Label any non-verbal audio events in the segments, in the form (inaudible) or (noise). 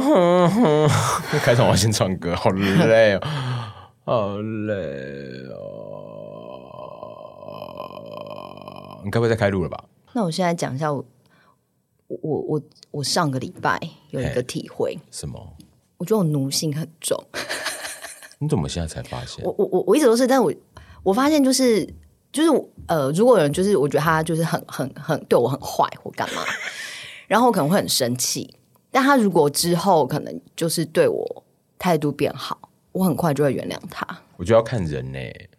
嗯哼，開場我要先唱歌，好累哦，好累哦。你該不會再開錄了吧？那我現在講一下我，我我我我上個禮拜有一個體會，什麼？我覺得我奴性很重。你怎麼現在才發現？ (laughs) 我我我我一直都是，但我我發現就是就是呃，如果有人就是我覺得他就是很很很對我很壞或幹嘛， (laughs) 然後我可能會很生氣。但他如果之後可能就是對我態度變好，我很快就會原諒他。我就要看人呢、欸。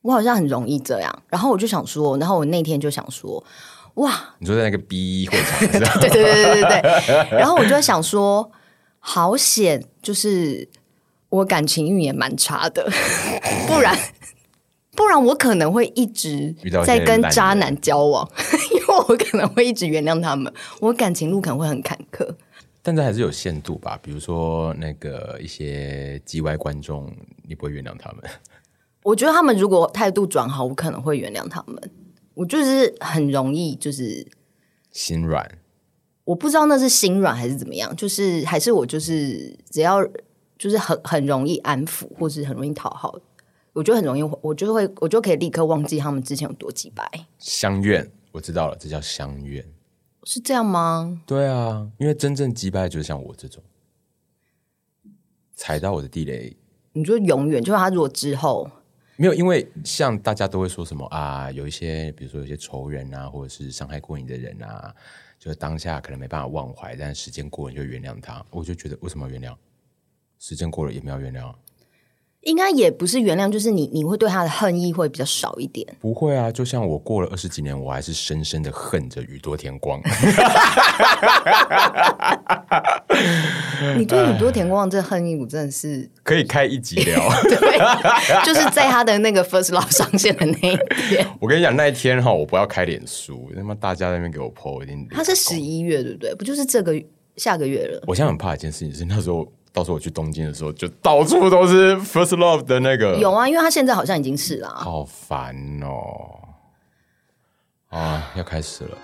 我好像很容易這樣。然後我就想說，然後我那天就想說，哇，你說在那個 B 會場， (laughs) 對對對對對對。 (laughs) 然後我就在想說，好險，就是我感情運也蠻差的，不然。 (laughs) 不然我可能會一直在跟渣男交往男，因為我可能會一直原諒他們，我感情路可能會很坎坷。但這還是有限度吧，比如說那個一些嘰歪觀眾，你不會原諒他們？我覺得他們如果態度轉好，我可能會原諒他們。我就是很容易，就是心軟。我不知道那是心軟還是怎麼樣，就是還是我就是只要就是很很容易安撫，或是很容易討好。我覺得很容易，我就會，我就可以立刻忘記他們之前有多機掰。相願，我知道了，這叫相願。是這樣嗎？對啊，因為真正機掰的就是像我這種踩到我的地雷，你就永遠就是他。如果之後沒有，因為像大家都會說什麼啊，有一些比如說有些仇人啊，或者是傷害過你的人啊，就是當下可能沒辦法忘懷，但時間過了你就原諒他。我就覺得為什麼要原諒？時間過了也沒有原諒。應該也不是原諒，就是你你會對他的恨意會比較少一點。不會啊，就像我過了二十幾年，我還是深深的恨着宇多， (laughs) (laughs) (laughs) (laughs) 多田光。你對宇多田光這恨意，我真的是可以開一集聊。 (laughs) (laughs) 對，就是在他的那個 first love 上線的那一天。 (laughs) (laughs) 我跟你講，那一天哈，我不要開臉書，那麼大家在那邊給我 po，已經。他是十一月，對不對？ (laughs) 不就是這個下個月了？我現在很怕的一件事情是那時候。到時候我去東京的時候，就到處都是 first love 的那個。有啊，因為他現在好像已經是了啊。好煩哦！啊，要開始了。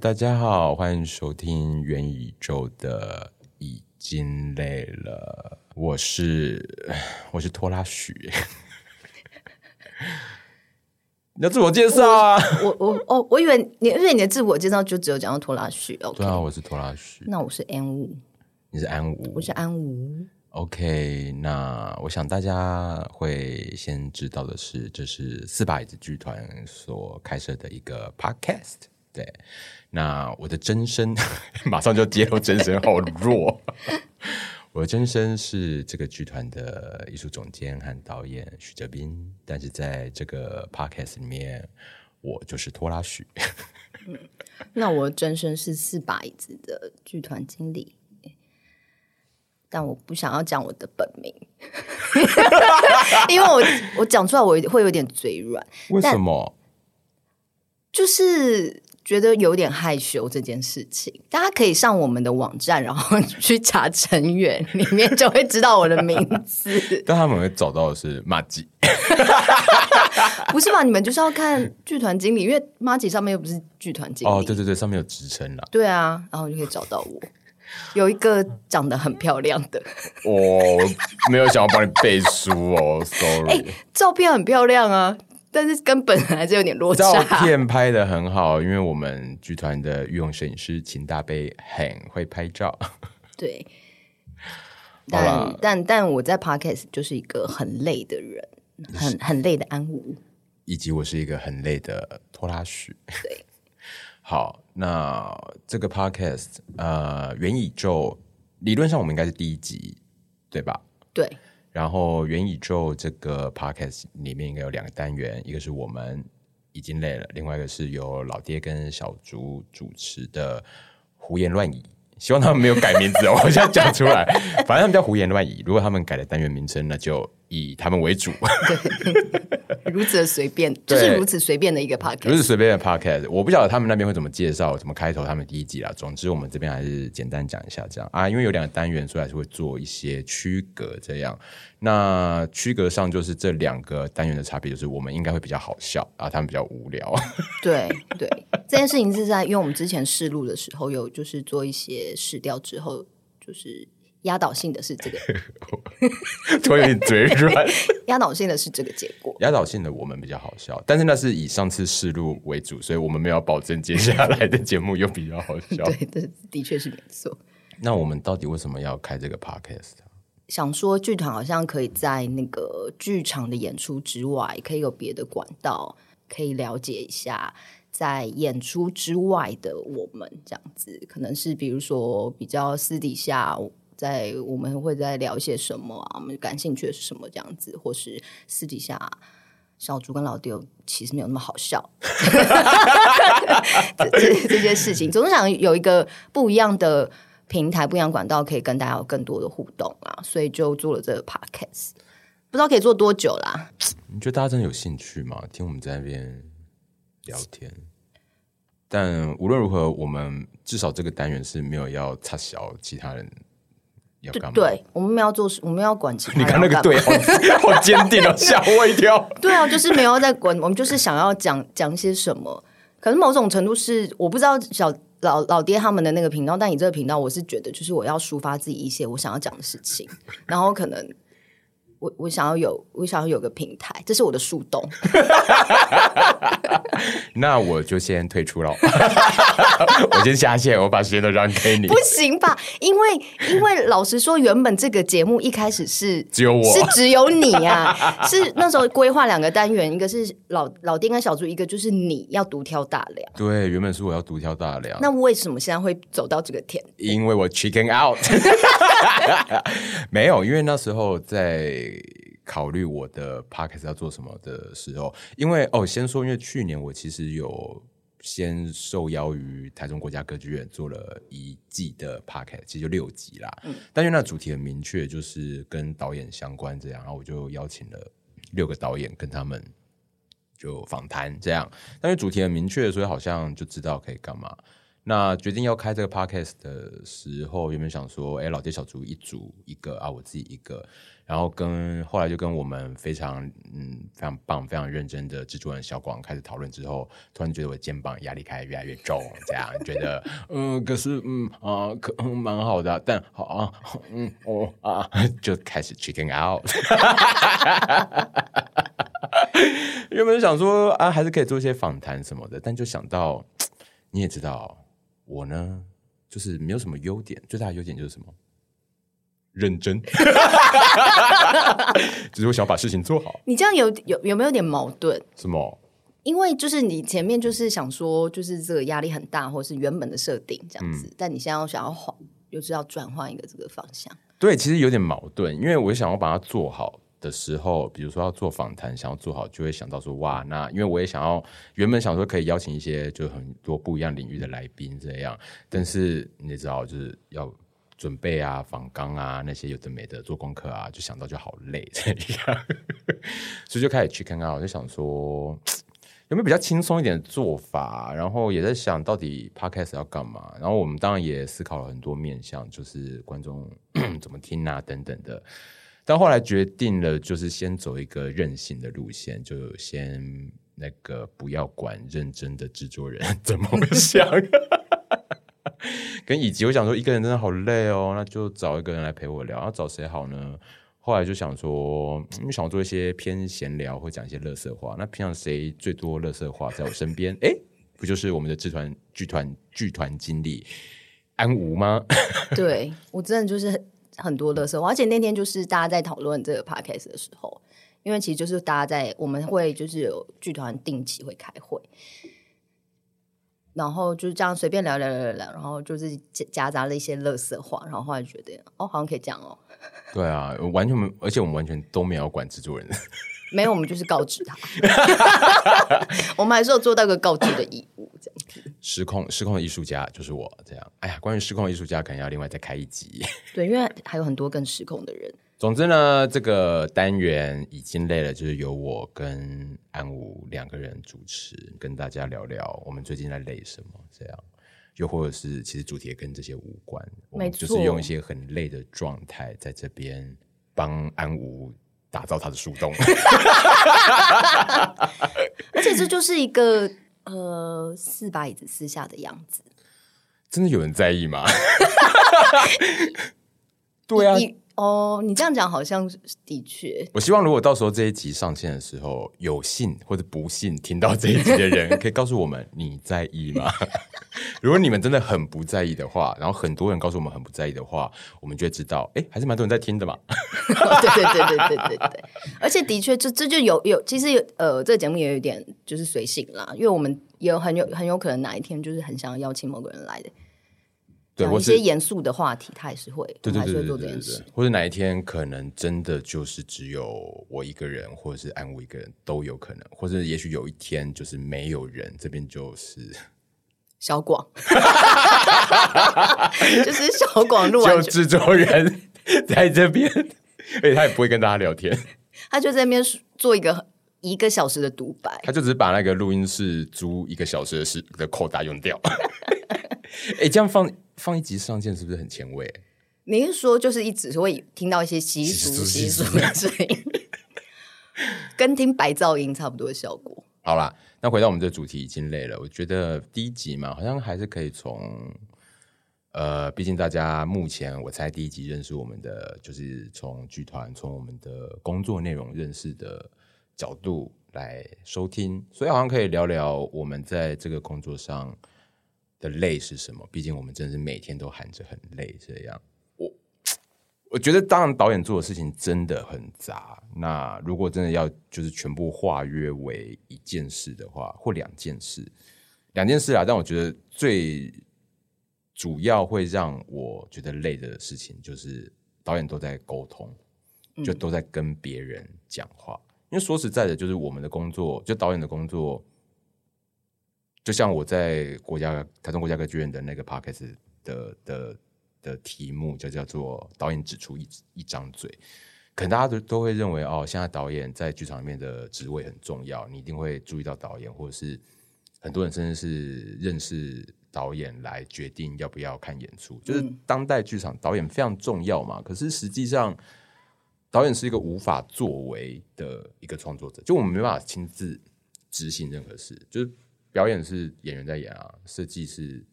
大家好，歡迎收聽《元椅宙的椅經累了》，我是我是拖拉許， (laughs) 你要自我介紹啊！我我哦，我以為你，因為你的自我介紹就只有講到拖拉許， (laughs) 對啊，我是拖拉許。那我是安吾，你是安吾，我是安吾。OK，那我想大家會先知道的是，這是四把椅子劇團所開設的一個 Podcast，對。那我的真身， (laughs) 馬上就揭露，真身 (laughs) 好弱。 (laughs) 我的真身是這個劇團的藝術總監和導演許哲彬，但是在這個 podcast 裡面，我就是拖拉許、 (laughs) 嗯。那我的真身是四把椅子的劇團經理，但我不想要講我的本名， (laughs) 因為我我講出來我會有點嘴軟。為什麼？就是。覺得有點害羞這件事情，大家可以上我們的網站，然後去查成員，裡面就會知道我的名字。 (laughs) 但他們會找到的是 m 吉， (laughs) (laughs) 不是吧？你們就是要看劇團經理，因為 m 吉上面又不是劇團經理哦。對對對，上面有職稱了。對啊，然後就可以找到我。有一個長得很漂亮的， (laughs) 我沒有想要幫你背書哦。sorry，照片很漂亮啊。但是跟本人還是有點落差。照片拍得很好， (laughs) 因為我們劇團的御用攝影師秦大悲很會拍照。 (laughs) 對，但、嗯、但但我在 podcast 就是一個很累的人，很很累的安吾，以及我是一個很累的拖拉許。 (laughs) 對，好，那這個 podcast 啊、呃，元椅宙理論上我們應該是第一集，對吧？對。然後元椅宙這個 podcast 裡面應該有兩個單元，一個是我們椅經累了，另外一個是由老爹跟小竹主持的胡言亂語。希望他們沒有改名字哦， (laughs) 我現在講出來，反正他們叫胡言亂語。如果他們改了單元名稱，那就。以他們為主，對， (laughs) 對，如此隨便，就是如此隨便的一個 podcast，如此隨便的 podcast，我不曉得他們那邊會怎麼介紹，怎麼開頭。他們第一集啊，總之我們這邊還是簡單講一下，這樣啊，因為有兩個單元，所以還是會做一些區隔。這樣，那區隔上就是這兩個單元的差別，就是我們應該會比較好笑，啊，他們比較無聊。對對， (laughs) 這件事情是在因為我們之前試錄的時候，有就是做一些試調之後，就是。壓倒性的是這個， (laughs) 有你嘴軟。壓倒性的是這個結果 (laughs) 。壓倒性的我們比較好笑，但是那是以上次試錄為主，所以我們沒有保證接下來的節目又比較好笑。 (laughs) 對的，的確是沒錯。 (laughs) 那我們到底為什麼要開這個 podcast？想說劇團好像可以在那個劇場的演出之外，可以有別的管道，可以了解一下在演出之外的我們，這樣子可能是比如說比較私底下。在我們會在聊些什麼啊？我們感興趣的是什麼這樣子，或是私底下、啊、小豬跟老丟其實沒有那麼好笑， (laughs) 這這這些事情，總是想有一個不一樣的平台、不一樣的管道，可以跟大家有更多的互動啊。所以就做了這個 podcast，不知道可以做多久啦。你覺得大家真的有興趣嗎？聽我們在那邊聊天，但無論如何，我們至少這個單元是沒有要插銷其他人。對對，我們沒有做事，我們要管。你看那個，對，好堅定啊，哦，嚇我一跳。 (laughs) 對啊，就是沒有在管，我們就是想要講講些什麼。可是某種程度是，我不知道小老老爹他們的那個頻道，但你這個頻道，我是覺得就是我要抒發自己一些我想要講的事情，然後可能。我我想要有我想要有個平台，這是我的樹洞。 (laughs) 那我就先退出了， (laughs) 我先下線，我把時間都讓給你。不行吧？因為因為老實說，原本這個節目一開始是 (laughs) 只有我。是只有你啊，是那時候規劃兩個單元， (laughs) 一個是老老丁跟小豬，一個就是你要獨挑大樑。對，原本是我要獨挑大樑。那為什麼現在會走到這個田地？因為我 chicken out。 (laughs) (laughs) (laughs) 沒有，因為那時候在考慮我的 podcast 要做什麼的時候，因為哦，先說，因為去年我其實有先受邀於台中國家歌劇院做了一季的 podcast，其實就六集啦。嗯，但因為那主題很明確，就是跟導演相關這樣，然後我就邀請了六個導演跟他們就訪談這樣。但因為主題很明確，所以好像就知道可以幹嘛。那決定要開這個 podcast 的時候，原本想說，哎、欸，老爹小豬一組一個啊，我自己一個，然後跟後來就跟我們非常嗯非常棒、非常認真的制作人小廣開始討論之後，突然覺得我肩膀壓力開始越來越重，這樣覺得， (laughs) 嗯，可是嗯啊，可蠻、嗯、好的，但好啊，嗯哦啊， (laughs) 就開始 chicken out。 (laughs) 原本想說啊，還是可以做一些訪談什麼的，但就想到你也知道。我呢，就是沒有什麼優點，最大的優點就是什麼？認真， (laughs) 就是我想要把事情做好。你這樣有有有沒有有點矛盾？什麼？因為就是你前面就是想說，就是這個壓力很大，或者是原本的設定這樣子，嗯。但你現在要想要換，又是要轉換一個這個方向。對，其實有點矛盾，因為我想要把它做好。的時候，比如說要做訪談，想要做好，就會想到說哇，那因為我也想要，原本想說可以邀請一些就很多不一樣領域的來賓這樣，但是你也知道就是要準備啊、訪綱啊那些有的沒的做功課啊，就想到就好累這樣， (laughs) 所以就開始 checking out，我就想說有沒有比較輕鬆一點的做法，然後也在想到底 podcast 要幹嘛，然後我們當然也思考了很多面向，就是觀眾 (coughs) 怎麼聽啊等等的。但後來決定了，就是先走一個任性的路線，就有先那個不要管認真的制作人怎麼想。 (laughs) (laughs) 跟以及我想說，一個人真的好累哦，那就找一個人來陪我聊。要找誰好呢？後來就想說，你、嗯、想做一些偏閒聊，或講一些垃圾話。那平常誰最多垃圾話在我身邊？哎、 (laughs) 欸，不就是我們的劇團劇團劇團經理安吾嗎？ (laughs) 對我真的就是。很多樂色話，而且那天就是大家在討論這個 podcast 的時候，因為其實就是大家在我們會就是有劇團定期會開會，然後就是這樣隨便聊聊聊聊，然後就是夾夾雜了一些樂色話，然後後來覺得哦，好像可以講哦。對啊，完全沒，而且我們完全都沒有管制作人。沒有，我們就是告知他。 (laughs) 我們還是有做到一個告知的義務，這樣子。失控，失控的藝術家就是我，這樣。哎呀，關於失控藝術家，可能要另外再開一集。對，因為還有很多更失控的人。總之呢，這個單元已經累了，就是由我跟安吾兩個人主持，跟大家聊聊我們最近在累什麼，這樣。又或者是，其實主題也跟這些無關。沒錯。我們就是用一些很累的狀態，在這邊幫安吾。打造他的樹洞 (laughs) (laughs) (laughs) 而且這就是一個呃四把椅子私下的樣子，真的有人在意嗎？ (laughs) (laughs) (laughs) (laughs) (laughs) 對啊。 (noise) 哦、oh,，你這樣講好像的確。我希望如果到時候這一集上線的時候，有幸或者不幸聽到這一集的人，可以告訴我們你在意嗎？ (laughs) (laughs) 如果你們真的很不在意的話，然後很多人告訴我們很不在意的話，我們就知道，哎、欸，還是蠻多人在聽的嘛。 (laughs) oh, 對，對對對對對對對，而且的確，就這就有有，其實有呃，這個節目也有點就是隨性啦，因為我們也很有很有可能哪一天就是很想要邀請某個人來的。有一些嚴肅的話題，他還是會，對，他也會做這件事。或者哪一天，可能真的就是只有我一個人，或者是安吾一個人都有可能。或者也許有一天，就是沒有人這邊，就是，小廣 (laughs) (laughs) (laughs) 就是小廣，就是小廣錄，就制作人在這邊， (laughs) 而且他也不會跟大家聊天，他就在那邊做一個。一個小時的獨白，他就只把那個錄音室租一個小時的時的扣打用掉。哎、 (laughs) (laughs) 欸，這樣放放一集上線是不是很前衛？你說就是一直會聽到一些窸窣窸窣的聲音， (laughs) 跟聽白噪音差不多的效果。好啦，那回到我們的主題，已經累了，我覺得第一集嘛，好像還是可以從呃，畢竟大家目前我猜第一集認識我們的，就是從劇團從我們的工作內容認識的。角度來收聽，所以好像可以聊聊我們在這個工作上的累是什麼？畢竟我們真的是每天都喊着很累這樣。我我覺得當然導演做的事情真的很雜。那如果真的要就是全部化約為一件事的話，或兩件事，兩件事啊。但我覺得最主要會讓我覺得累的事情，就是導演都在溝通，就都在跟別人講話。嗯因為說實在的，就是我們的工作，就導演的工作，就像我在國家台中國家歌劇院的那個 podcast 的的的題目，就叫做“導演指出一一張嘴”，可能大家都都會認為哦，現在導演在劇場裡面的職位很重要，你一定會注意到導演，或者是很多人甚至是認識導演來決定要不要看演出，嗯、就是當代劇場導演非常重要嘛。可是實際上。導演是一個無法作為的一個創作者，就我們沒辦法親自執行任何事。就是表演是演員在演啊，設計是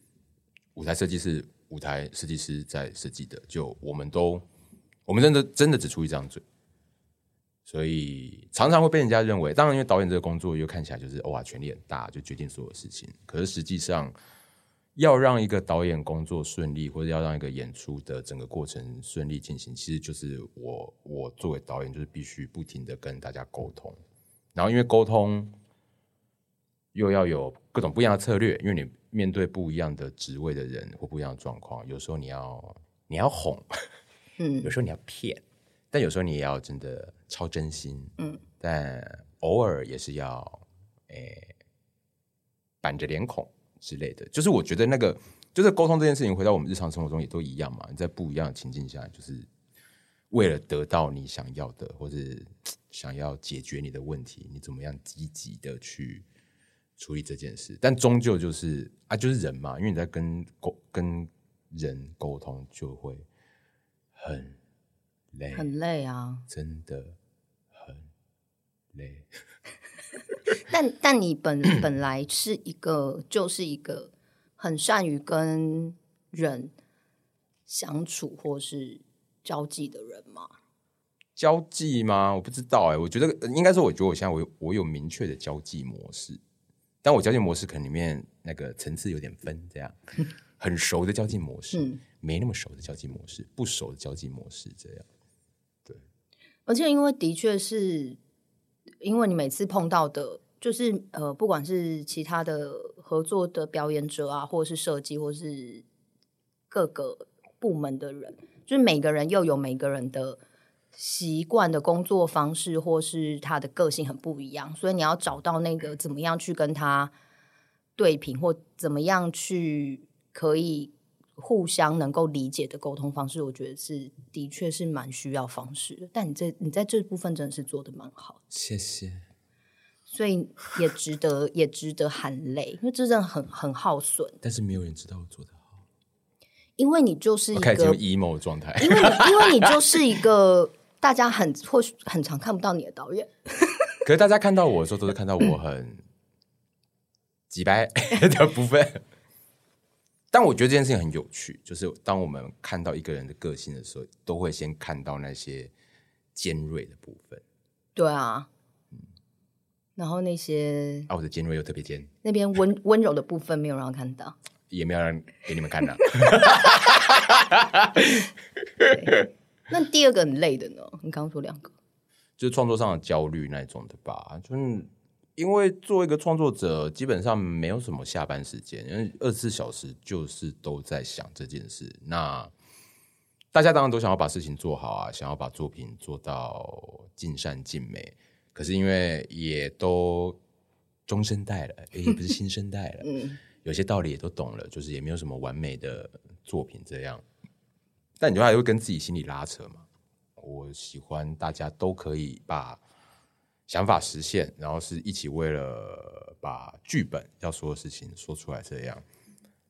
舞台設計是舞台設計師在設計的，就我們都我們真的真的只出一張嘴，所以常常會被人家認為。當然，因為導演這個工作又看起來就是哇權力很大，就決定所有事情。可是實際上。要讓一個導演工作順利，或者要讓一個演出的整個過程順利進行，其實就是我，我作為導演，就是必須不停地跟大家溝通。然後，因為溝通又要有各種不一樣的策略，因為你面對不一樣的職位的人或不一樣的狀況，有時候你要你要哄，嗯， (laughs) 有時候你要騙，但有時候你也要真的超真心，嗯，但偶爾也是要欸，板着臉孔。之類的，就是我覺得那個，就是溝通這件事情，回到我們日常生活中也都一樣嘛。你在不一樣的情境下，就是為了得到你想要的，或是想要解決你的問題，你怎麼樣積極的去處理這件事？但終究就是啊，就是人嘛，因為你在跟溝跟人溝通，就會很累，很累啊，真的很累。 (laughs) (laughs) 但但你本本來是一個，就是一個很善於跟人相處或是交際的人嗎？交際嗎？我不知道，欸，我覺得應該說我覺得我現在我有我有明確的交際模式，但我交際模式可能裡面那個層次有點分，這樣，很熟的交際模式，嗯， (laughs) 沒那麼熟的交際模式，不熟的交際模式，這樣。對，而且因為的確是因為你每次碰到的。就是呃，不管是其他的合作的表演者啊，或者是設計，或是各個部門的人，就是每個人又有每個人的習慣的工作方式，或是他的個性很不一樣，所以你要找到那個怎麼樣去跟他對平，或怎麼樣去可以互相能夠理解的溝通方式，我覺得是的確是蠻需要方式的。但你這你在這部分真的是做得蠻好。謝謝。所以也值得， (laughs) 也值得喊累，因為這真的很很耗損。但是沒有人知道我做得好，因為你就是一個 okay, emo 的狀態，因為， (laughs) 因為你就是一個大家很或許很常看不到你的導演。 (laughs) 可是大家看到我的時候，都是看到我很 (coughs) 幾百 (laughs) 的部分。但我覺得這件事情很有趣，就是當我們看到一個人的個性的時候，都會先看到那些尖銳的部分。對啊。然後那些啊，我的尖銳又特別尖。那邊溫溫 (laughs) 柔的部分沒有讓看到，也沒有讓給你們看了、啊。 (laughs) (laughs) 那第二個很累的呢？你剛剛說兩個，就是創作上的焦慮那種的吧？就是因為作為一個創作者，基本上沒有什麽下班時間，因為二十四小時就是都在想這件事。那大家當然都想要把事情做好啊，想要把作品做到盡善盡美。可是因為也都中生代了，也、欸，不是新生代了、 (laughs) 嗯，有些道理也都懂了，就是也沒有什麼完美的作品這樣。但你就還會跟自己心裡拉扯嘛。我喜歡大家都可以把想法實現，然後是一起為了把劇本要說的事情說出來這樣。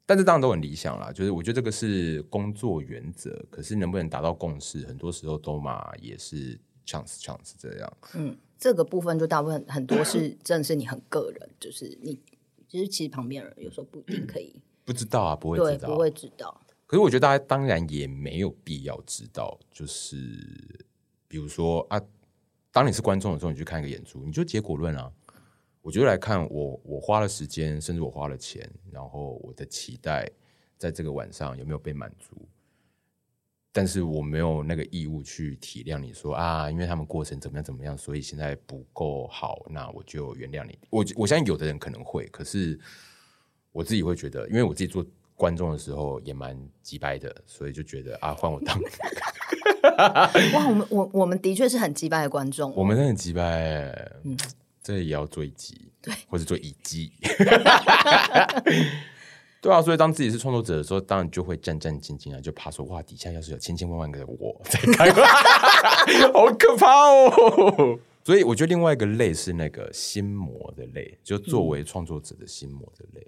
但是當然都很理想啦，就是我覺得這個是工作原則。可是能不能達到共識，很多時候都嘛也是 Chance Chance 這樣，嗯。這個部分就大部分很多是真的是你很個人，就是你、就是、其實其實旁邊人有時候不一定可以不知道啊，不會知道對不會知道。可是我覺得大家當然也沒有必要知道，就是比如說啊，當你是觀眾的時候，你去看一個演出，你就結果論啊，我覺得來看我我花了時間，甚至我花了錢，然後我的期待在這個晚上有沒有被滿足。但是我沒有那個義務去體諒你說啊，因為他們過程怎麼樣怎麼樣，所以現在不夠好，那我就原諒你。我我相信有的人可能會，可是我自己會覺得，因為我自己做觀眾的時候也蠻機掰的，所以就覺得啊，換我當。 (laughs) 哇，我們我，我們的確是很機掰的觀眾，哦，我們真的很機掰，嗯，這也要做一集，對，或者做一集。 (laughs) (laughs) 對啊，所以當自己是創作者的時候，當然就會戰戰兢兢啊，就怕說哇，底下要是有千千萬萬個的我在看， (laughs) (laughs) 好可怕哦。所以我覺得另外一個累是那個心魔的累，就作為創作者的心魔的累，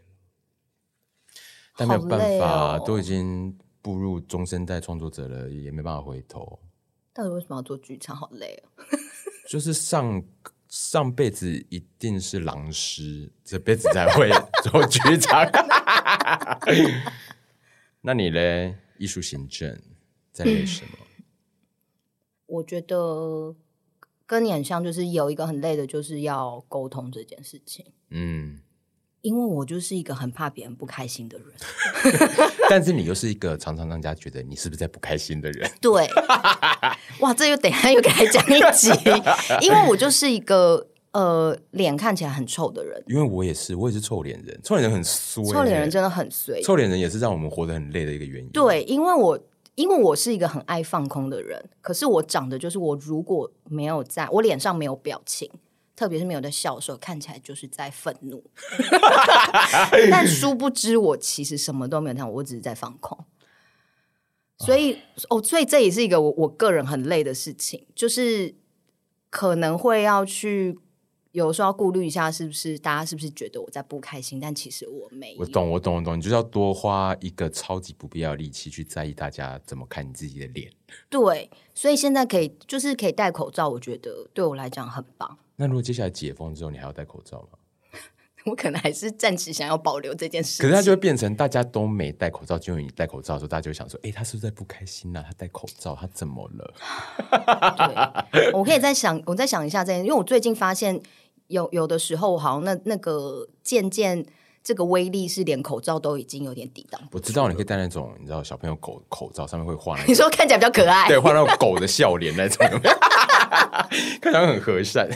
嗯。但沒有辦法，哦，都已經步入中生代創作者了，也沒辦法回頭。到底為什麼要做劇場？好累哦。 (laughs) 就是上上輩子一定是狼師，這輩子才會做劇場。 (laughs) (laughs) 那你呢？藝術行政在累什麼？嗯？我覺得跟你很像，就是有一個很累的，就是要溝通這件事情。嗯，因為我就是一個很怕別人不開心的人， (laughs) (laughs) 但是你又是一個常常讓大家覺得你是不是在不開心的人。對，哇，這又等一下又給他講一集， (laughs) 因為我就是一個。呃，臉看起來很臭的人，因為我也是，我也是臭臉人。臭臉人很衰、欸，臭臉人真的很衰、欸。臭臉人也是讓我們活得很累的一個原因。對，因為我因為我是一個很愛放空的人，可是我長得就是我如果沒有在我臉上沒有表情，特別是沒有在笑的時候，看起來就是在憤怒。 (laughs) (laughs) (laughs) (laughs) 但殊不知我其實什麼都沒有，但我只是在放空。所以、啊、哦，所以這也是一個我我個人很累的事情，就是可能會要去。有的時候要顧慮一下，是不是大家是不是覺得我在不開心？但其實我沒有。我懂，我懂，我懂。你就是要多花一個超級不必要的力氣去在意大家怎麼看你自己的臉。對，所以現在可以就是可以戴口罩，我覺得對我來講很棒。那如果接下來解封之後，你還要戴口罩嗎？ (laughs) 我可能還是暫時想要保留這件事情。可是他就會變成大家都沒戴口罩，只有你戴口罩的時候，大家就會想說：哎、欸，他是不是在不開心呢、啊？他戴口罩，他怎麼了？ (laughs) (laughs) 對，我可以再想，我再想一下這件，因為我最近發現。有有的時候好像，好那那個漸漸這個威力是連口罩都已經有點抵擋不。我知道你可以戴那種，你知道小朋友口口罩上面會畫。你說看起來比較可愛， (laughs) 對，畫那種狗的笑臉那種， (laughs) (laughs) 看起來很和善。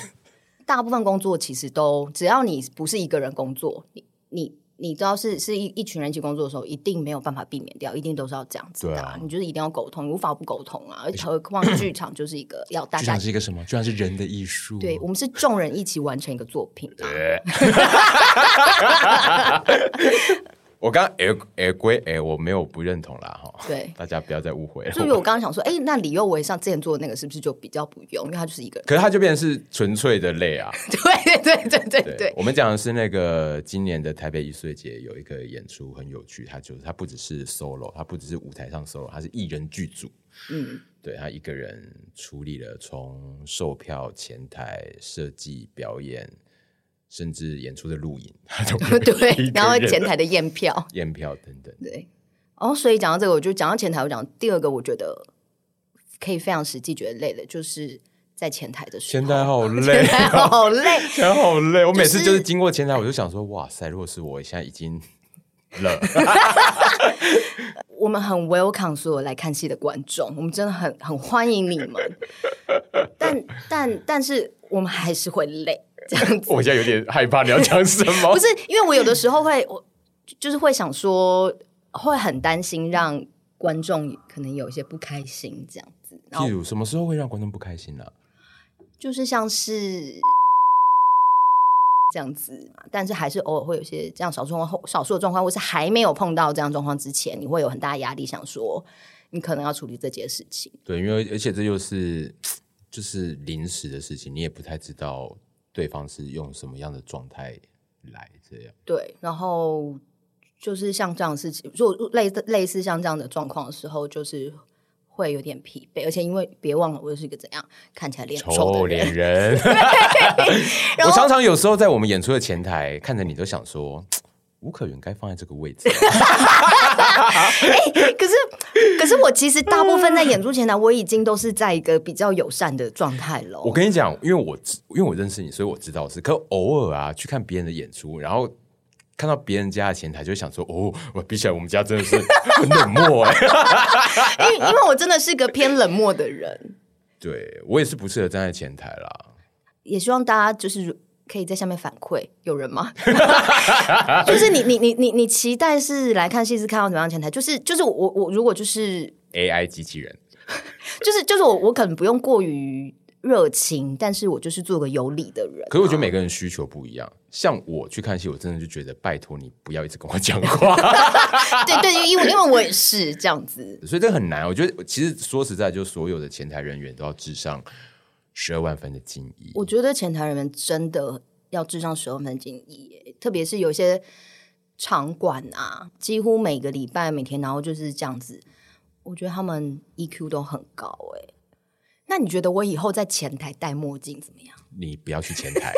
大部分工作其實都只要你不是一個人工作，你你。你知道是是一一群人一起工作的時候，一定沒有辦法避免掉，一定都是要這樣子的，啊啊。你就是一定要溝通，無法不溝通啊！而且何況劇場就是一個要大家，劇 (coughs) 場是一個什麼？劇場是人的藝術。對，我們是眾人一起完成一個作品的對。Yeah. (laughs) (laughs) (laughs) 我剛剛歸、欸欸欸，我沒有不認同啦哈，對，大家不要再誤會了。所以我剛剛想說，哎、欸，那李幼薇上之前做的那個是不是就比較不用？因為他就是一個人，可是他就變成是純粹的累啊。對對對對對，對，對。我們講的是那個今年的台北藝術節有一個演出很有趣，他就是他不只是 solo，他不只是舞台上 solo，他是一人劇組。嗯，對，他一個人處理了從售票、前台、設計、表演。甚至演出的錄影， (laughs) 都被笑對，然後前台的驗票、驗票等等，對。哦、oh，所以講到這個，我就講到前台。我講第二個，我覺得可以非常實際，覺得累的，就是在前台的時候。前台好累，前台好累，前台好累。好累就是、我每次就是經過前台，我就想說、就是：哇塞！如果是我，我現在已經了。 (laughs) (laughs) (laughs) (laughs) 我們很 welcome 所有來看戲的觀眾，我們真的很很歡迎你們。 (laughs) (laughs) 但但但是，我們還是會累。 (laughs) 我現在有點害怕你要講什麼？ (laughs) 不是，因為我有的時候會，我就是會想說，會很擔心讓觀眾可能有一些不開心這樣子。例如，什麼時候會讓觀眾不開心呢、啊？就是像是這樣子嘛，但是還是偶爾會有些這樣少數的狀況，或是還沒有碰到這樣狀況之前，你會有很大壓力，想說你可能要處理這件事情。對，因為而且這又是就是臨、就是、臨時的事情，你也不太知道。對方是用什麼樣的狀態來這樣？對，然後就是像這樣的事情，如果類，類似像這樣的狀況的時候，就是會有點疲憊，而且因為別忘了，我是一個怎樣看起來臉臭，臭臉人 (laughs) (laughs) (laughs) 我常常有時候在我們演出的前台看着你，都想說。無可原諒，放在這個位置、啊 (laughs) 欸。可是，可是我其實大部分在演出前台，嗯、我已經都是在一個比較友善的狀態了。我跟你講，因為我因為我認識你，所以我知道是。可是偶爾啊，去看別人的演出，然後看到別人家的前台，就會想說：“哦，我比起來我們家真的是很冷漠欸 (laughs) 欸。”因因為我真的是個偏冷漠的人。對，我也是不適合站在前台啦。也希望大家就是。可以在下面反饋，有人嗎？ (laughs) 就是你你你你期待是來看戲，是看到怎麼樣前台？就是就是我我如果就是 A I 機器人， (laughs) 就是就是我我可能不用過於熱情，但是我就是做個有理的人啊。可是我覺得每個人需求不一樣，像我去看戲，我真的就覺得拜托你不要一直跟我講話。 (laughs) (laughs) 對對，因為因為我也是這樣子，所以這很難。我覺得其實說實在，就所有的前台人員都要智商。十二萬分的敬意，我覺得前台人們真的要致上十二萬分敬意，特別是有些場館啊，幾乎每個禮拜、每天，然後就是這樣子。我覺得他們 EQ 都很高哎。那你覺得我以後在前台戴墨鏡怎麼樣？你不要去前台。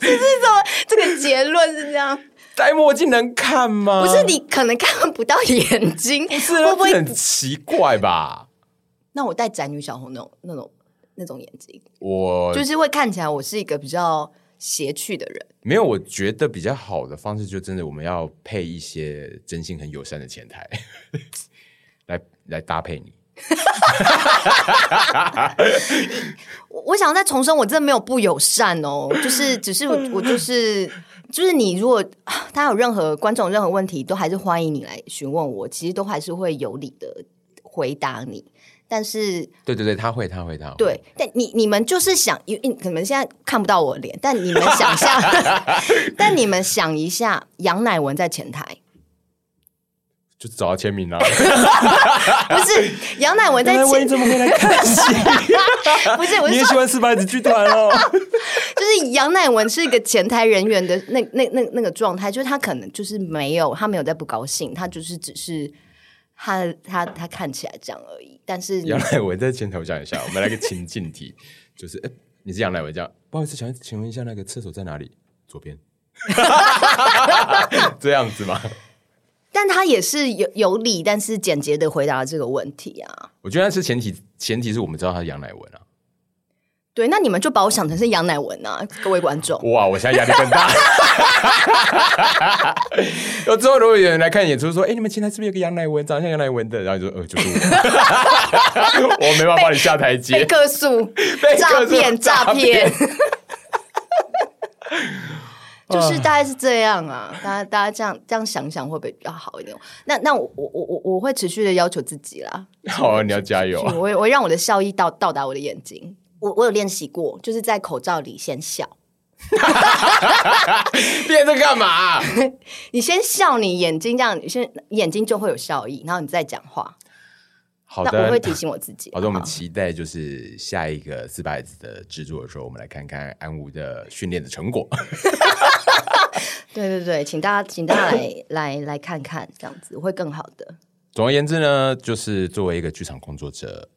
只 (laughs) (laughs) (laughs) 是，是說這個結論是這樣， (laughs) 戴墨鏡能看嗎？不是你可能看不到眼睛，是會不會很奇怪吧？像我戴宅女小紅那種那種那種眼鏡，我就是會看起來我是一個比較邪氣的人。沒有，我覺得比較好的方式，就真的我們要配一些真心很友善的前台 (laughs) 來來搭配你。 (laughs) (laughs) 我，我想再重申，我真的沒有不友善哦，就是只是我， (laughs) 我就是就是你如果他有任何觀眾任何問題，都還是歡迎你來詢問我，其實都還是會有理的回答你。但是，對對對，他會，他會，他會。對，但你你們就是想，因因可能現在看不到我臉，但你們想象， (laughs) (laughs) 但你們想一下，楊乃文在前台，就找他簽名啦。 (laughs) (laughs) 不是，楊乃文在前台，你怎麼會來看？ (laughs) (laughs) 不是，我是說，你也喜歡四把椅子劇團哦 (laughs) 。 (laughs) 就是楊乃文是一個前台人員的那那那那個狀態，就是他可能就是沒有，他沒有在不高興，他就是只是他他他，他看起來這樣而已。但是楊乃文在前頭講一下，我們來個情境題， (laughs) 就是、欸、你是楊乃文這樣，不好意思，想請問一下那個廁所在哪裡？左邊， (laughs) 這樣子嗎？但他也是有有理，但是簡潔的回答了這個問題啊。我覺得那是前提，前提是我們知道他是楊乃文啊。對，那你們就把我想成是楊乃文啊，各位觀眾。哇，我現在壓力更大。 (laughs) (laughs) 有之後如果有人來看演出，說：“哎、欸，你們前台是不是有個楊乃文，長得像楊乃文的？”然後就說：“呃，就是。 (laughs) ”我沒辦法幫你下台階，被客訴，被詐騙，詐騙。 (laughs) (laughs) 就是大概是這樣啊， (laughs) 大家大家這樣這樣想一想會不會比較好一點？ (laughs) 那那我我我我我會持續的要求自己啦。好、啊，你要加油啊！我我讓我的笑意到到達我的眼睛。我我有練習過，就是在口罩裡先笑。哈哈哈哈哈哈練這幹嘛？ (laughs) 你先笑，你眼睛這樣你先、先眼睛就會有笑意，然後你再講話。好的，那我會提醒我自己。好的，好我們期待就是下一個四把椅子的製作的時候，我們來看看安吾的訓練的成果。哈哈哈哈，對對對，請大家，請大家來 (laughs) 來來，來看看，這樣子會更好的。總而言之呢，就是作為一個劇場工作者，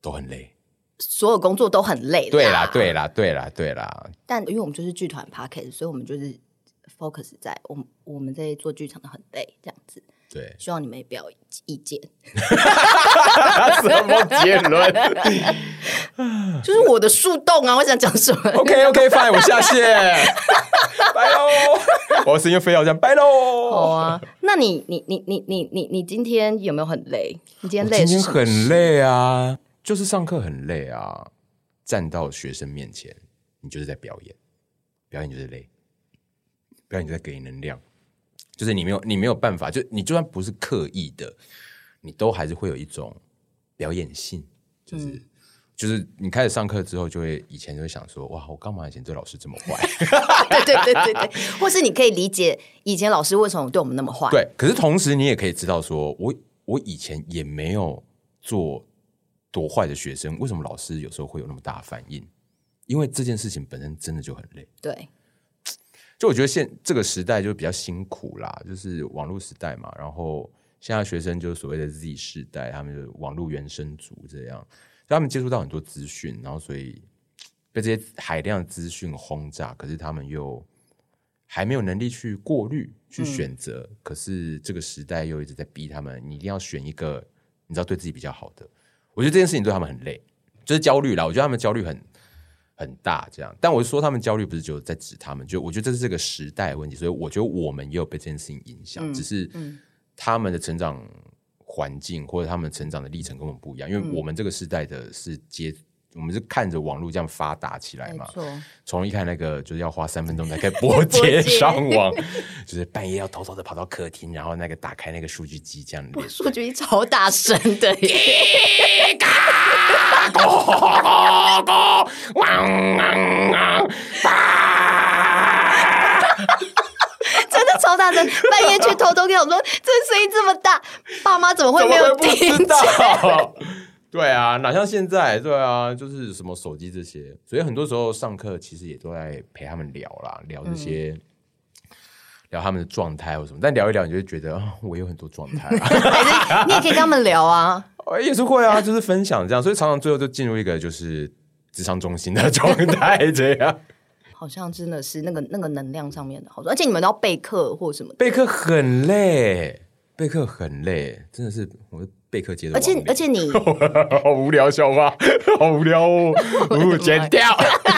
都很累。所有工作都很累，啊。對啦，對啦，對啦，對啦。但因為我們就是劇團 podcast，所以我們就是 focus 在我們我們在做劇場的很累這樣子。對，希望你們也不要意見。 (laughs) (laughs) 什麼結論？ (laughs) 就是我的樹洞啊！我想講什麼？OK OK fine，我下線。拜 (laughs) 哈 Bye 囉 (laughs) 我是因為非要這樣拜嘍。好啊，那你你你你你你你今天有沒有很累？你今天累？今天很累啊。就是上課很累啊，站到學生面前，你就是在表演，表演就是累，表演就在給你能量，就是你沒有你沒有辦法，就你就算不是刻意的，你都還是會有一種表演性，就是、嗯、就是你開始上課之後，就會以前就會想說，哇，我幹嘛以前對老師這麼壞？ (laughs) (laughs) 對對對對，或是你可以理解以前老師為什麼對我們那麼壞？對，可是同時你也可以知道說，說我我以前也沒有做。多壞的學生，為什麼老師有時候會有那麼大反應？因為這件事情本身真的就很累。對，就我覺得現這個時代就比較辛苦啦，就是網絡時代嘛。然後現在學生就是所謂的 Z 世代，他們就網絡原生族這樣，就他們接觸到很多資訊，然後所以被這些海量資訊轟炸。可是他們又還沒有能力去過濾、去選擇。嗯。可是這個時代又一直在逼他們，你一定要選一個你知道對自己比較好的。我覺得這件事情對他們很累，就是焦慮啦。我覺得他們焦慮很很大，這樣。但我說他們焦慮，不是就在指他們，就我覺得這是這個時代問題。所以我覺得我們也有被這件事情影響，嗯、只是他們的成長環境或者他們成長的歷程根本不一樣，因為我們這個時代的，是接。我們是看着網絡這樣發達起來嘛？從一看那個就是要花三分鐘才可以撥接上網接，就是半夜要偷偷的跑到客廳，然後那個打開那個數據機，這樣數據超大聲的， (noise) (noise) (noise) (noise) (noise) 的，真的超大聲，半夜去偷偷跟我說，這聲音這麼大，爸媽怎麼會沒有聽到？ (laughs) 對啊，哪像現在？對啊，就是什麼手機這些，所以很多時候上課其實也都在陪他們聊啦，聊這些，嗯、聊他們的狀態或什麼。但聊一聊，你就會覺得、哦，我有很多狀態、啊。 (laughs) (laughs) 你也可以跟他們聊啊。也是會啊，就是分享這樣，所以常常最後就進入一個就是智商中心的狀態這樣。 (laughs) 好像真的是那個那個能量上面的，好處，而且你們都要備課或什麼，備課很累。備課很累，真的是我備課接的。而且而且你 (laughs) 好無聊，小花好無聊哦， (laughs) 剪掉。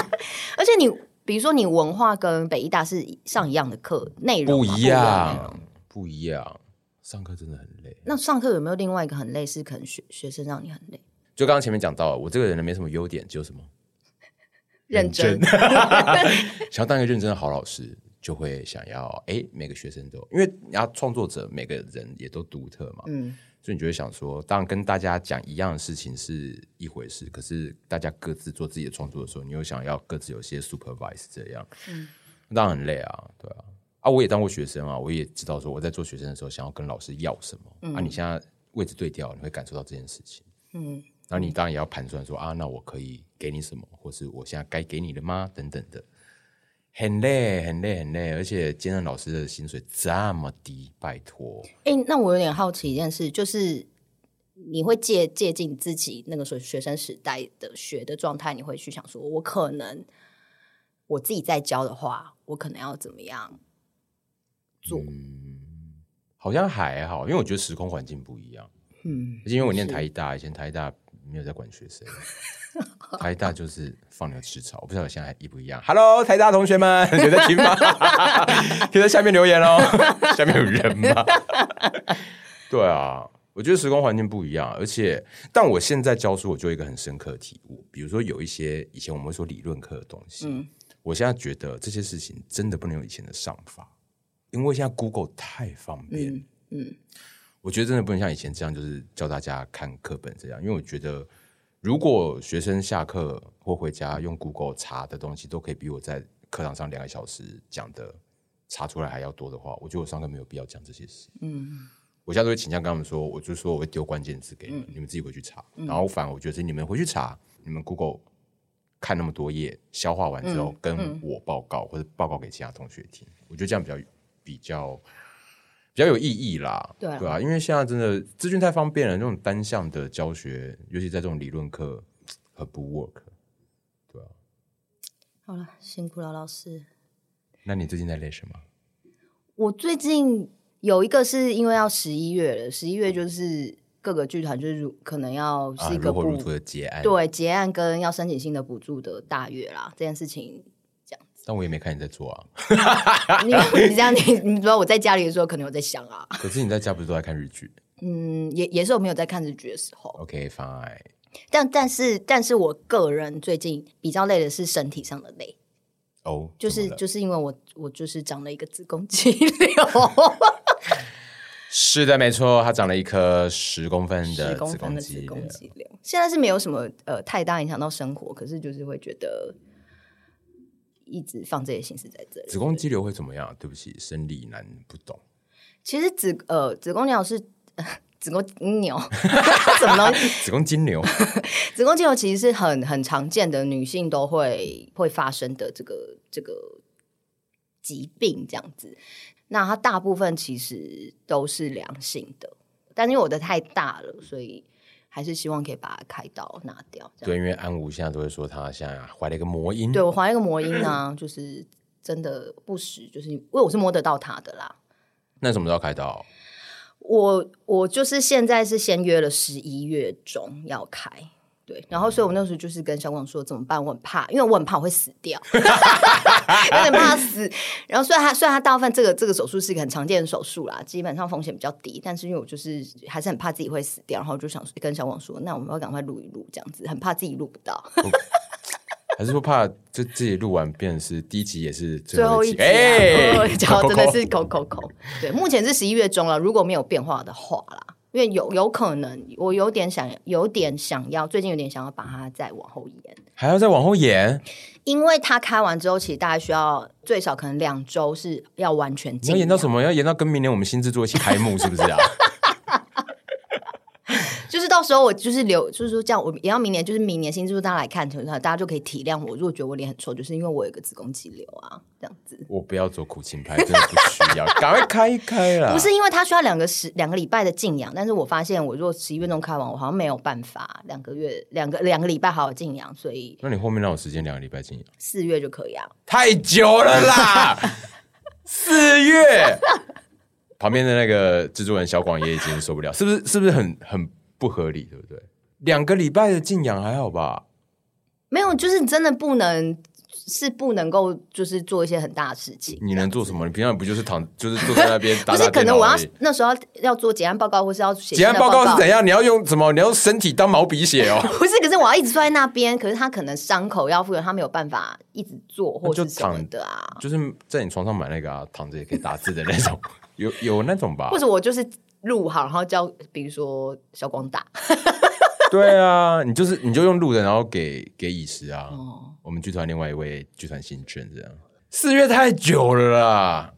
(laughs) 而且你比如說，你文化跟北藝大是上一樣的課，內容不一樣不，不一樣。上課真的很累。那上課有沒有另外一個很累？是可能學學生讓你很累。就剛剛前面講到了，我這個人沒什麼優點，只有什麼認真， (laughs) (laughs) 想要當一個認真的好老師。就會想要哎，每個學生都，因為你要、啊、創作者每個人也都獨特嘛，嗯，所以你就會想說，當然跟大家講一樣的事情是一回事，可是大家各自做自己的創作的時候，你又想要各自有些 supervise 這樣，嗯，當然很累啊，對啊，啊，我也當過學生啊，我也知道說我在做學生的時候想要跟老師要什麼，嗯、啊，你現在位置對調，你會感受到這件事情，嗯，然後你當然也要盤算說啊，那我可以給你什麼，或是我現在該給你的嗎？等等的。很累，很累，很累，而且兼任老師的薪水這麼低，拜托。哎，欸，那我有點好奇一件事，就是你會借借鑑自己那個時候學生時代的學的狀態，你會去想說，我可能我自己在教的話，我可能要怎麼樣做？嗯，好像還好，因為我覺得時空環境不一樣。嗯，而且因為我念台大，以前台大。沒有在管學生， (laughs) 台大就是放牛吃草，我不知道現在還一不一樣。Hello，台大同學們，你在聽嗎？可 (laughs) 以在下面留言哦， (laughs) 下面有人嗎？ (laughs) 對啊，我覺得時光環境不一樣，而且，但我現在教書，我就一個很深刻的體悟，比如說有一些以前我們會說理論課的東西，嗯，我現在覺得這些事情真的不能有以前的上法，因為現在 Google 太方便，嗯。嗯我覺得真的不能像以前這樣，就是教大家看課本這樣，因為我覺得如果學生下課或回家用 Google 查的東西，都可以比我在課堂上兩個小時講的查出來還要多的話，我覺得我上課沒有必要講這些事。嗯，我下次都會請教跟他們說，我就說我會丟關鍵字給、嗯、你們，你們自己回去查、嗯。然後反而我覺得是你們回去查，你們 Google 看那麼多頁，消化完之後跟我報告，嗯、或者報告給其他同學聽。我覺得這樣比較比較。比較有意義啦，對吧、啊？因為現在真的資訊太方便了，這種單向的教學，尤其在這種理論課，很不 work。對啊，好了，辛苦了老師。那你最近在累什麼？我最近有一個是因為要十一月了，十一月就是各個劇團就是可能要是一個不、啊、如火如荼的結案，對，結案跟要申請新的補助的大月啦，這件事情。但我也沒看你在做啊！ (laughs) 你你這樣，你你知道我在家裡的時候可能有在想啊。可是你在家不是都在看日劇？嗯，也也是我沒有在看日劇的時候。OK，fine。但但是但是我個人最近比較累的是身體上的累。哦，就是就是因為我我就是長了一個子宮肌瘤。 (laughs) (laughs) 是的，沒錯，他長了一顆十公分的子宮肌瘤。現在是沒有什麼呃太大影響到生活，可是就是會覺得。一直放這些形式在這裡。子宮肌瘤會怎麼樣？對不起，生理男不懂。其實子呃子宮鳥是、呃、子宮牛，什麼東西？ (laughs) 子宮肌瘤，子宮肌瘤其實是很很常見的，女性都會、嗯、會發生的這個這個疾病這樣子。那它大部分其實都是良性的，但因為我的太大了，所以。還是希望可以把它開刀拿掉。對，因為安吾現在都會說他現在懷了一個魔音。對，我懷一個魔音呢、啊， (coughs) 就是真的不實，就是因為我是摸得到他的啦。那什麼時候開刀？我我就是現在是先約了十一月中要開。對，然後所以，我那時候就是跟小廣說怎麼辦？我很怕，因為我很怕我會死掉，有 (laughs) 點 (laughs) 怕死。然後雖然他雖然他大部分這個這個手術是一個很常見的手術啦，基本上風險比較低，但是因為我就是還是很怕自己會死掉，然後就想跟小廣說，那我們要趕快錄一錄這樣子，很怕自己錄不到。哦、 (laughs) 還是說怕就自己錄完變成是第一集也是最後一集，然後、啊哎、 (laughs) (laughs) 真的是口口口口，對，目前是十一月中了，如果沒有變化的話啦。因為有有可能，我有點想，有點想要，最近有點想要把它再往後延，還要再往後延，因為它開完之後，其實大概需要最少可能兩週是要完全。你要延到什麼？要延到跟明年我們新製作一起開幕是不是啊？ (laughs) (laughs) 就是到時候我就是留，就是說這樣，我也要明年，就是明年新制作大家來看的時候，大家就可以體諒我。如果覺得我臉很臭，就是因為我有個子宮肌瘤啊，這樣子。我不要做苦情牌，真的不需要， (laughs) 趕快開一開啦！不是因為他需要兩個十兩個禮拜的靜養，但是我發現我如果十一月中開完，我好像沒有辦法兩個月兩個兩個禮拜好好靜養，所以。那你後面讓我時間兩個禮拜靜養，四月就可以啊。太久了啦！ (laughs) 四月， (laughs) 旁邊的那個制作人小廣也已經受不了， (laughs) 是不是？是不是很很？不合理，對不對？兩個禮拜的靜養還好吧？沒有，就是真的不能，是不能夠，就是做一些很大的事情。你能做什麼？你平常不就是躺，就是坐在那邊打、打？ (laughs) 不是，可能我要那時候要、要做結案報告，或是要寫結案報告是怎樣？ (laughs) 你要用什麼？你要用身體當毛筆寫哦？ (laughs) 不是，可是我要一直坐在那邊，可是他可能傷口要復原，他沒有辦法一直坐，或者躺的啊就躺，就是在你床上買那個啊，躺着也可以打字的那種， (laughs) 有有那種吧？或 (laughs) 者我就是。錄好，然後叫，比如說小光打。 (laughs) 對啊，你就是你就用錄的，然後給給乙石啊、哦。我們劇團另外一位劇團新成員這樣，四月太久了啦，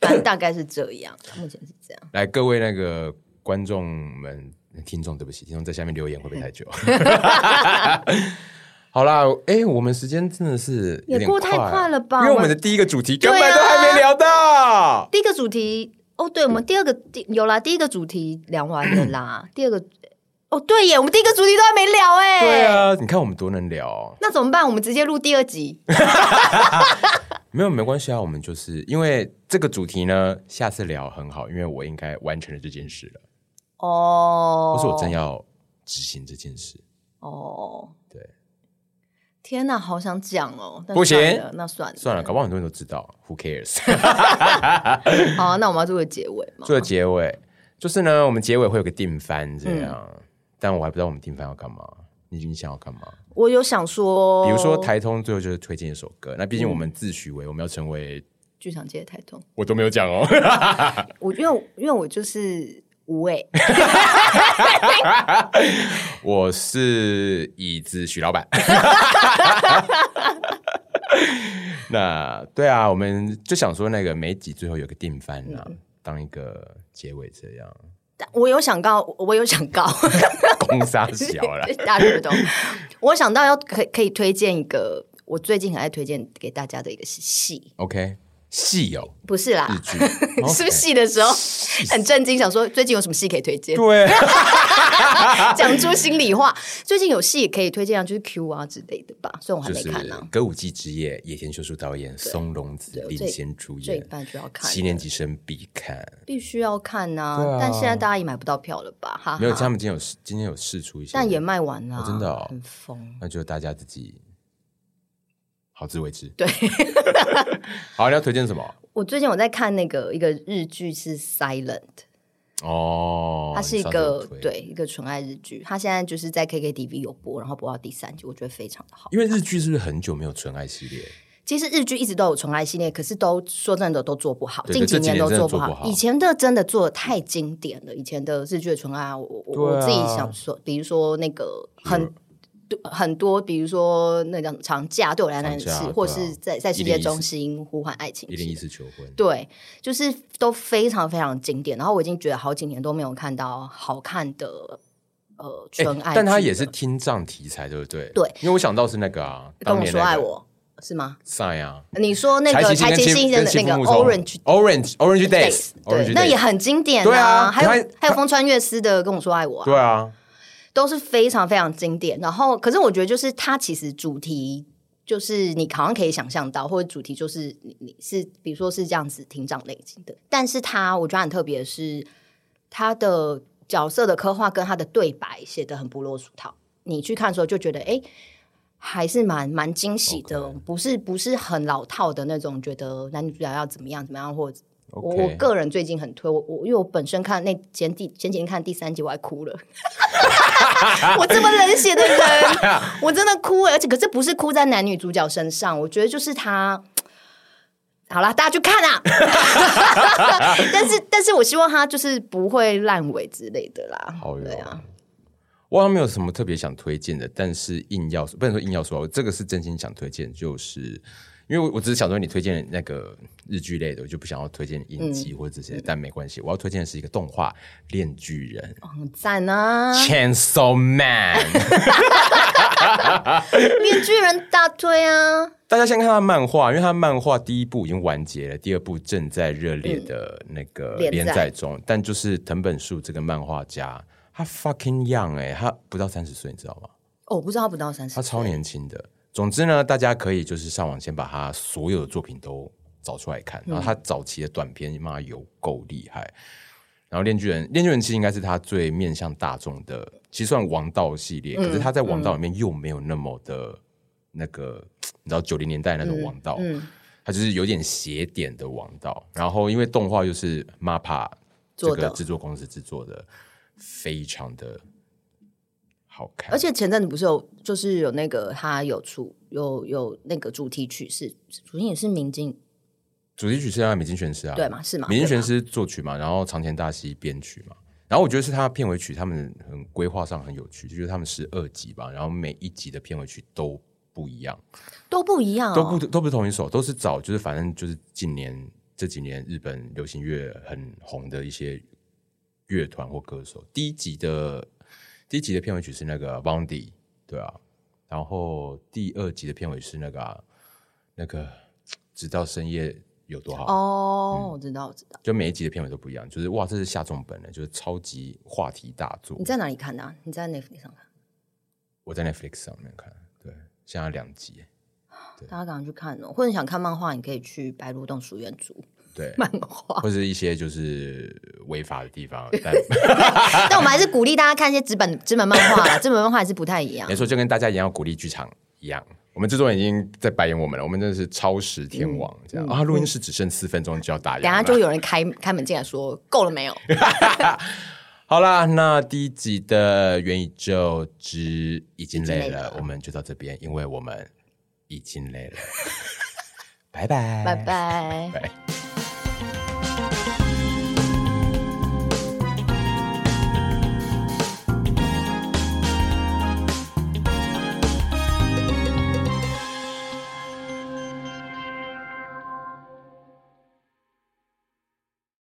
反正大概是這樣，目 (coughs) 前是這樣。來，各位那個觀眾們、聽眾，對不起，聽眾在下面留言會不會太久？嗯、 (laughs) (laughs) 好啦哎、欸，我們時間真的是有點也過太快了吧？因為我們的第一個主題根、啊，根本都還沒聊到第一個主題。哦、oh，對、嗯，我們第二個有啦，第一個主題聊完了啦， (coughs) 第二個哦，對耶，我們第一個主題都還沒聊，誒，對啊，你看我們多能聊，那怎麼辦？我們直接錄第二集， (laughs) (laughs) 啊、沒有沒關係啊，我們就是因為這個主題呢，下次聊很好，因為我應該完成了這件事了，哦，不是我真要執行這件事，哦、oh。天吶，好想講哦，但是！不行，那算了算了，搞不好很多人都知道。Who cares？ (laughs) 好、啊，那我們要做個結尾嘛？做個結尾，就是呢，我們結尾會有個定番這樣，嗯、但我還不知道我們定番要幹嘛。你你想要幹嘛？我有想說，比如說台通，最後就是推薦一首歌。那畢竟我們自詡為、嗯、我們要成為劇場界的台通，我都沒有講哦。 (laughs) 我因為因為我就是。五位，我是椅子許老闆。 (laughs) 那對啊，我們就想說那個每集，最後有個定番啊嗯嗯，當一個結尾這樣。我有想到，我有想到， (laughs) (laughs) 公殺小了，大家懂。 (laughs) 我想到要可可以推薦一個，我最近很愛推薦給大家的一個是戲。OK。戲哦，不是啦，劇 (laughs) 是劇。出戲的時候 okay, 很震驚，想說最近有什麼戲可以推薦？對，講 (laughs) (laughs) 出心裡話，最近有戲也可以推薦、啊，就是 Q 啊之類的吧。所以我還沒看呢、啊，就《是、歌舞伎之夜》，野田秀樹導演，松隆子領銜主演，這一半就要看，七年級生必看，必須要看吶、啊啊。但現在大家也買不到票了吧？哈哈沒有，他們今天有今天有釋出一些，但也賣完了，哦、真的、哦、很瘋。那就大家自己。好自為之。對， (laughs) 好、啊，你要推薦什麼？我最近我在看那個一個日劇是《Silent》哦，它是一個對一個純愛日劇。它現在就是在 KKTV 有播，然後播到第三集，我覺得非常的好。因為日劇是不是很久沒有純愛系列？其實日劇一直都有純愛系列，可是都說真的都做不好，對對對近幾年都做不好，這幾年真的做不好。以前的真的做的,的做得太經典了，以前的日劇的純愛，我、啊、我自己想說，比如說那個很。很多，比如說那個長假，對我來講是、啊；或是在在世界中心呼喚愛情，一零一次求婚，對，就是都非常非常經典。然後我已經覺得好幾年都沒有看到好看的呃純愛、欸，但他也是聽障題材，對不對？對，因為我想到是那個啊，那個、跟我說愛我是嗎？是啊，你說那個柴崎幸的那個 Orange, Orange Orange Orange Days，, 對, Orange Days 對，那也很經典啊。對啊還有還有豐川悅司的跟我說愛我啊，對啊。都是非常非常經典，然後，可是我覺得就是它其實主題就是你好像可以想象到，或者主題就是你你是比如說是這樣子庭長類型的，但是他我覺得很特別的是，是他的角色的刻畫跟他的對白寫得很不落俗套。你去看的時候就覺得，哎，還是蠻蠻驚喜的，okay. 不是不是很老套的那種。覺得男女主角要怎麼樣怎麼樣，或者，okay. 我我個人最近很推我我因為我本身看那前第前幾天看第三集我還哭了。 (laughs) (laughs) 我這麼冷血的人， (laughs) 我真的哭，而且可是不是哭在男女主角身上，我覺得就是他，好了，大家去看啊。 (laughs) 但是，但是我希望他就是不會爛尾之類的啦。好累啊！我還沒有什麼特別想推薦的，但是硬要說不能說，硬要說，這個是真心想推薦，就是。因為我只是想說你推薦那個日劇類的，我就不想要推薦影集或者這些，嗯、但沒關係。我要推薦的是一個動畫《鏈鋸人》哦，很讚啊，《Chainsaw Man》。鏈鋸人大推啊！大家先看他漫畫，因為他漫畫第一部已經完結了，第二部正在熱烈的那個連載中、嗯連。但就是藤本樹這個漫畫家，他 fucking young 哎、欸，他不到三十歲，你知道嗎？哦，我不知道，他不到三十，他超年輕的。總之呢，大家可以就是上網先把他所有的作品都找出來看，嗯、然後他早期的短片，你媽有夠厲害。然後《鏈鋸人》，《鏈鋸人》其實應該是他最面向大眾的，其實算王道系列，嗯、可是他在王道裡面又沒有那麼的、嗯、那個，你知道九零年代那種王道，嗯嗯、他就是有點斜點的王道。然後因為動畫又是 MAPA 這個製作公司製作的，的非常的。好看，而且前陣子不是有，就是有那個他有出有有那個主題曲是，主題也是米津，主題曲是啊，米津玄師啊，對嗎？是嗎？米津玄師作曲嘛，然後常田大希編曲嘛，然後我覺得是他片尾曲，他們很規劃上很有趣，就是他們十二集吧，然後每一集的片尾曲都不一樣，都不一樣，哦，都不都不是同一首，都是找就是反正就是近年這幾年日本流行樂很紅的一些樂團或歌手，第一集的。第一集的片尾曲是那個 Bondy，對啊，然後第二集的片尾是那個、啊、那個直到深夜有多好哦、oh，嗯，我知道，我知道，就每一集的片尾都不一樣，就是哇，這是下重本了，就是超級話題大作。你在哪裡看的、啊？你在 Netflix 上看？我在 Netflix 上面看，對，現在兩集，對，大家趕快去看哦、喔，或者想看漫畫，你可以去白鹿洞書院組。對，漫畫或者是一些就是違法的地方， (laughs) 但 (laughs) 但我們還是鼓勵大家看一些紙本紙本漫畫了、啊， (laughs) 紙本漫畫還是不太一樣。沒錯，就跟大家一樣，要鼓勵劇場一樣，我們製作人已經在白眼我們了，我們真的是超時天王、嗯、這樣啊！錄、嗯哦、音室只剩四分鐘就要打烊、嗯，等下就有人開開門進來說夠了沒有？ (laughs) (laughs) 好啦，那第一集的原因就已經，已經累了，我們就到這邊，因為我們已經累了，拜拜拜拜。